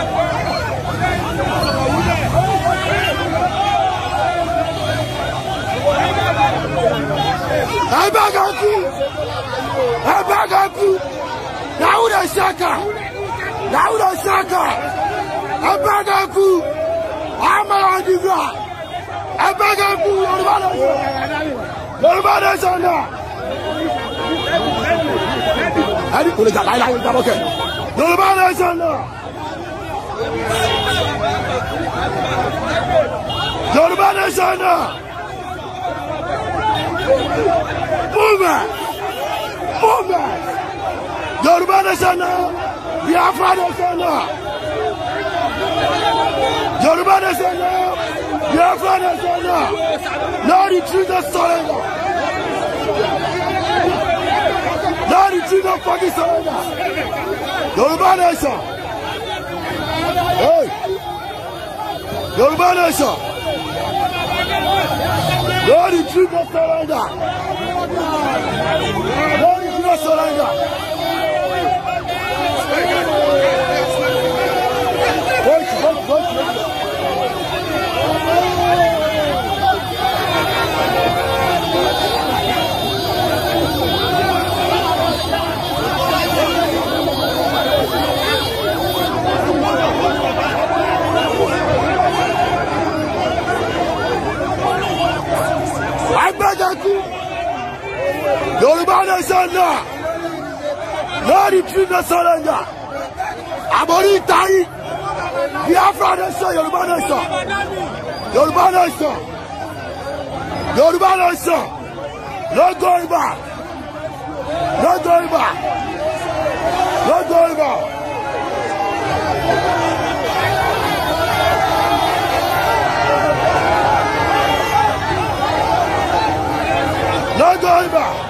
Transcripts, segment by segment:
Abagaku, Abagaku, Lauda Shaka, Lauda Shaka, Abagaku, Amaradiga, Abagaku, Yorùbá Nation náà. Ẹni kò lè jà láìláì ìjábọ̀kẹ̀. Yoruba nation now. Movement. Movement. Yoruba nation now. Biafra nation now. Yoruba nation now. Biafra nation now. Now retreat and surrender. Now retreat and fucking surrender. Yoruba nation. Yorùbá nation lórí three no surrender lórí three no surrender. nation Naija. Àmọ́rí ìtayí. Biafra nation Yoruba nation. Yoruba nation. Yoruba nation. No going back. No going back. No going back. No going back.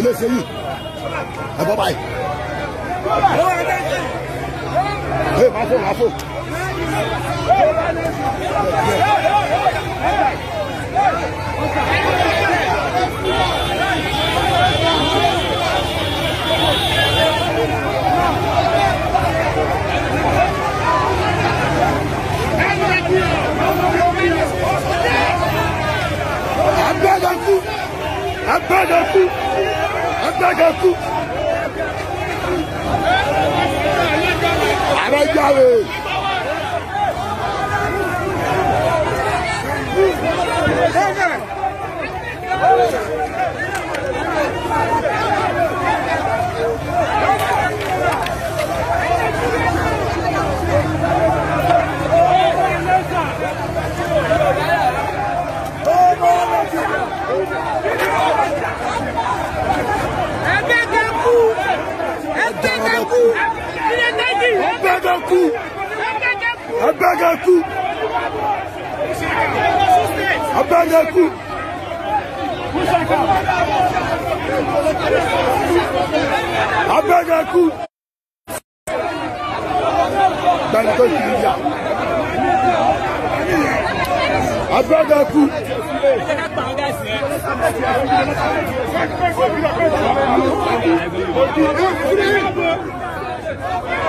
ilé ṣe yìí ẹ bọ́ báyìí. ẹ máa fò máa fò. Agbada kú! Agbada kú! gbẹ́gẹ̀ kú. ààrẹ jáwé. Oh, kú abẹ́gẹ́ kú abẹ́gẹ́ kú. Abẹ́gẹ́ kú. Gbẹ̀rù tó yìí yà. Abẹ́gẹ́ kú. Thank you.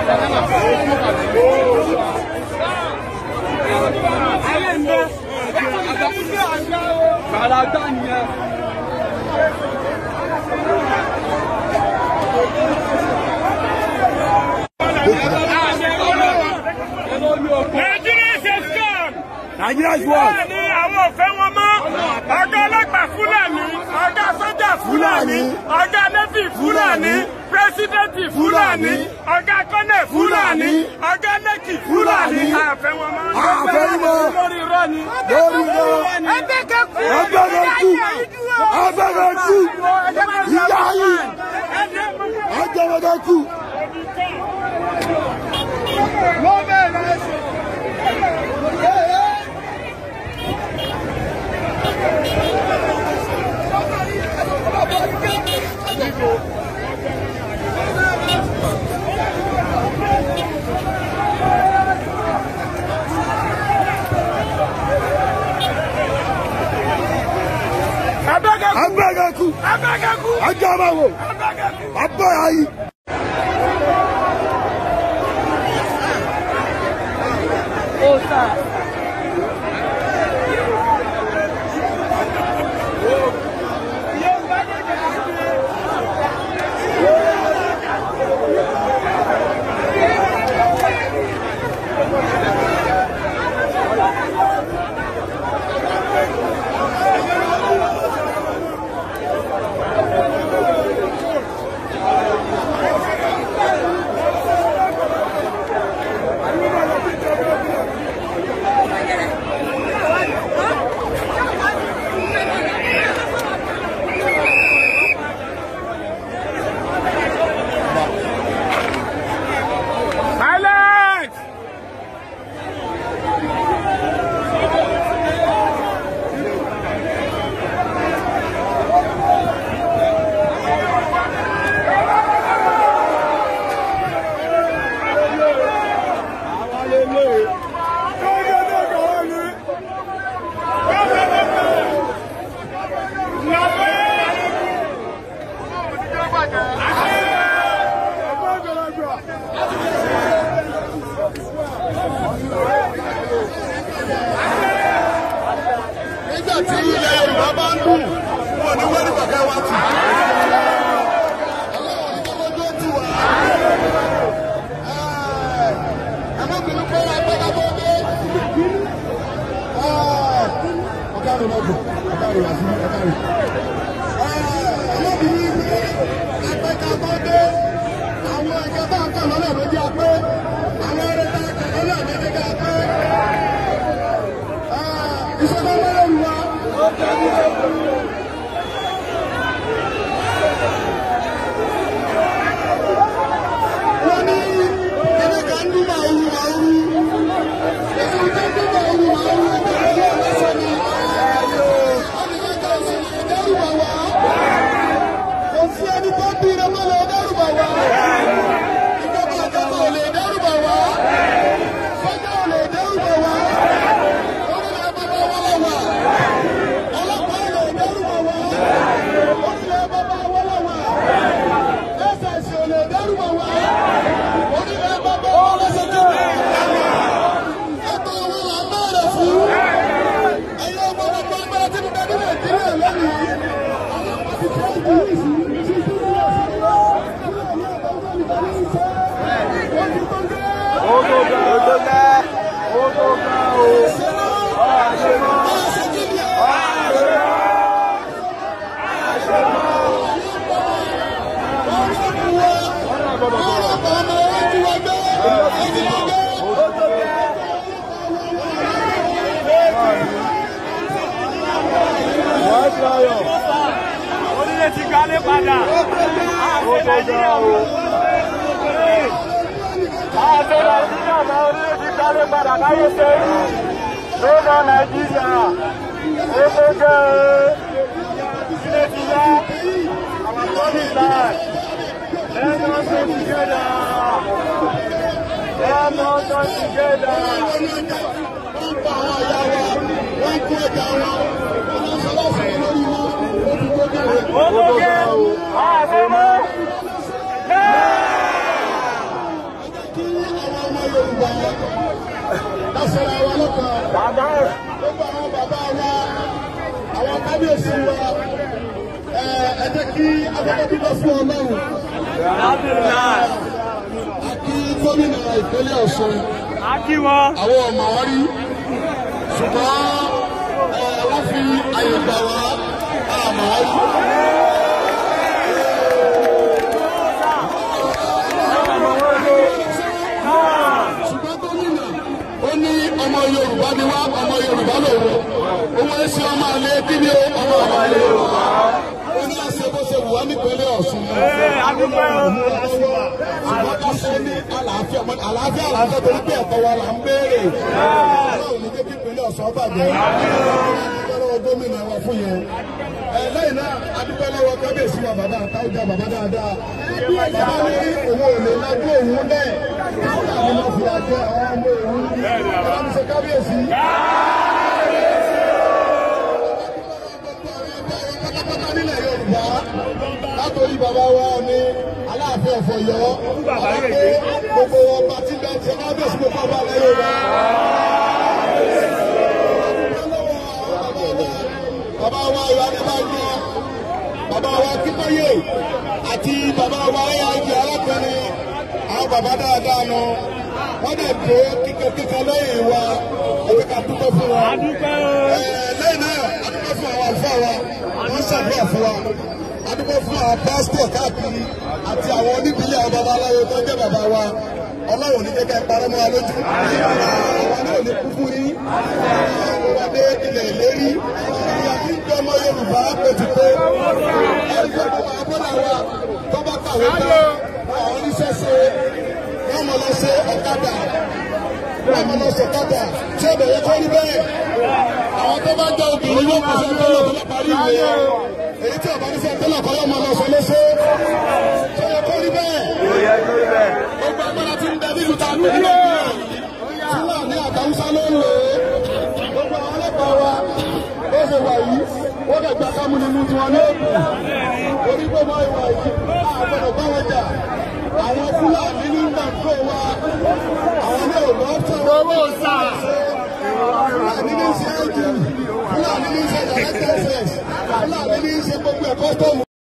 Bàdàgbà nìyẹn. Nàìjíríà ṣe scam. Nàìjíríà ṣe wọ́n. Bẹ́ẹ̀ ni àwọn ò fẹ́ wọn mọ́. Ọ̀gá ọlọ́pàá Fúlàní, ọ̀gá sọ́jà Fúlàní, ọ̀gá nẹ́fì Fúlàní pírẹsidẹ́ǹtì fúlàní ọ̀gá kọ́nẹ̀ fúlàní ọ̀gá lẹ́kì fúlàní àfẹ́ wọn máa ń bẹ́ẹ̀ wọn lórí irọ́ ni lórí irọ́ ẹgbẹ́ kan kú ẹgbẹ́ kan kú ẹgbẹ́ kan kú ìyá yìí ẹgbẹ́ kan kú. wò abọ́ra yìí. tí ilẹ̀ Yorùbá bá ń dùn wọn ní wẹ́rì ní kọ́kọ́ tó tù wá. ẹ̀ẹ́dẹ́gbẹ̀rún Deus. padà. Àṣẹ Nàìjíríà mọ́. Àṣẹ Nàìjíríà mọ́ sáré padà láyé sẹ́yìn. Lọ́nà Nàìjíríà, epo jẹ́ ilé ti yá. Àwọn tó ìlà lẹ́nu ọ̀sẹ̀ together. Lẹ́nu ọ̀sẹ̀ together. Wọ́n pa àwọn wọ́n kú ẹja wa, wọ́n sọ lọ́sọ̀ọ́ lórí wọn, wọ́n fi gbogbo rẹ̀. ṣẹlẹ̀ wa lọ́kàn. Bàbá ẹ̀. Gbogbo àwọn bàbá wa, àwọn kábíyèsí wa, ẹ jẹ́ kí afẹ́fẹ́ dúpẹ́ fún Ọlọ́run. A kí gómìnà ìpínlẹ̀ Ọ̀ṣun. A kí wọn. Àwọn ọ̀mà wọn rí. Ṣùgbọ́n wọ́n fi àyè gbà wá. Buhari sí ọmọ àlẹ́ kí ni ó ọmọ àlẹ́ o. ó ní àṣẹ bó ṣe wù wá nípínlẹ̀ Ọ̀ṣun. ṣùgbọ́n ká ṣe ní àlàáfíà àlàáfíà àlàáfíà torí pé ẹ̀tọ́ wa là ń béèrè. ọlọ́run gómìnà wa fún yẹn náà adúgbò kábíyèsí wa bàbá bàbá dáadáa bàbá òun lè lájú òun àwọn ọmọ òun mi kábíyèsí. nílẹ̀ Yorùbá látòrí bàbá wa ní Aláàfin ọ̀fọ̀ yọ aláàfin gbogbo ọba tí bá ti kábíyèsí gbogbo ọba ilẹ̀ Yorùbá. bàbá wa ìwà ní bá gbẹ bàbá wa kíkọ́yè àti bàbá wa ẹ̀yà ìjì alákùnrin àwọn bàbá dáadáa nù wọ́n dẹ̀ tó kíkẹ́kíkẹ́ lẹ́yìn wa òwe ká fún wa. lẹ́yìn náà a dúpẹ́ fún àwọn àlùfáà wa ṣàdúrà fún wa adúgbò fún àwọn pásítọ̀ káàkiri àti àwọn oníbílẹ̀ àwọn babaláwo tó jẹ́ bàbá wa ọlọ́run ní jẹ́kẹ́ parọ́ mọ́ wa lójú àwọn náà ní kúkú ní ọmọdé ilẹ̀ ìlérí ìyàtí ìjọ ọmọ yorùbá kò ẹgbẹ́ bàbá abọ́là wa kàwé tán àwọn oníṣẹ́ ṣe wọ́n ọ̀kadà wọ́n máa lọ sọ̀kadà tí ọ̀dọ̀ yẹ kọ́ rí bẹ́ẹ̀. àwọn tó bá jẹ́ obìnrin yóò kọ́ sọ́tọ́ lọ tó lápárí ìwé èyí tí ọ̀bá ní sọ́tọ́ lọ kọ́ yóò máa lọ sọ lọ́sọ́ tó yẹ kọ́ rí bẹ́ẹ̀. gbogbo agbára ti ń da nínú ta nínú ìlú fúlàní àtàwùsá ló ń lò ó gbogbo àwọn ọlọ́pàá wa bó ṣe wà yìí ó lè gba kámú nínú tiwọn ní òkú orí gbogbo ìwà yìí àgbọ̀dọ̀ bá wọn jà àwọn fúlàní ló ń gbà ń kó wa owó sà. Fúlàní ní ṣe é